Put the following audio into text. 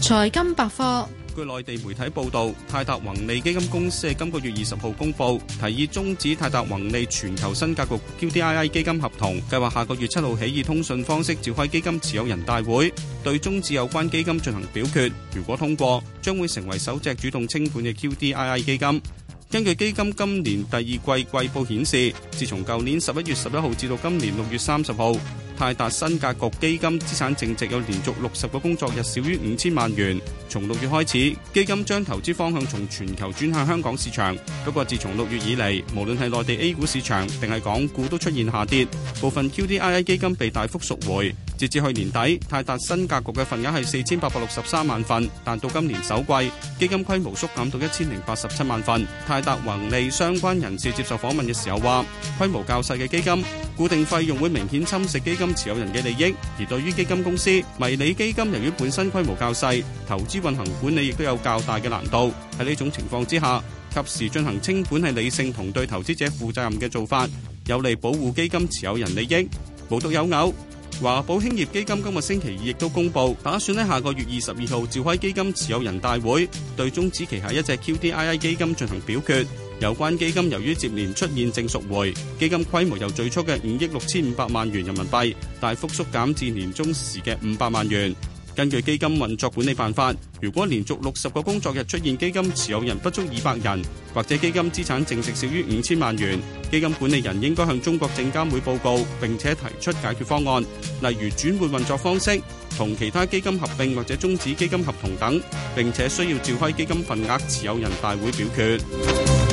財金百科，據內地媒體報道，泰達宏利基金公司喺今個月二十號公布，提議終止泰達宏利全球新格局 QDII 基金合同，計劃下個月七號起以通訊方式召開基金持有人大會，對終止有關基金進行表決。如果通過，將會成為首隻主動清盤嘅 QDII 基金。根據基金今年第二季季報顯示，自從舊年十一月十一號至到今年六月三十號，泰達新格局基金資產淨值有連續六十個工作日少於五千萬元。從六月開始，基金將投資方向從全球轉向香港市場。不過，自從六月以嚟，無論係內地 A 股市場定係港股都出現下跌，部分 QDII 基金被大幅贖回。截至去年底，泰達新格局嘅份額係四千八百六十三萬份，但到今年首季，基金規模縮減到一千零八十七萬份。泰達宏利相關人士接受訪問嘅時候話，規模較細嘅基金，固定費用會明顯侵蝕基金持有人嘅利益；而對於基金公司，迷你基金由於本身規模較細，投資運行管理亦都有較大嘅難度。喺呢種情況之下，及時進行清盤係理性同對投資者負責任嘅做法，有利保護基金持有人利益。無獨有偶。華寶興業基金今日星期二亦都公布，打算喺下個月二十二號召開基金持有人大會，對終止旗下一隻 QDII 基金進行表決。有關基金由於接連出現正贖回，基金規模由最初嘅五億六千五百萬元人民幣大幅縮減至年中時嘅五百萬元。根據基金運作管理辦法，如果連續六十個工作日出現基金持有人不足二百人，或者基金資產淨值少於五千萬元，基金管理人應該向中國證監會報告，並且提出解決方案，例如轉換運作方式、同其他基金合併或者終止基金合同等，並且需要召開基金份額持有人大會表決。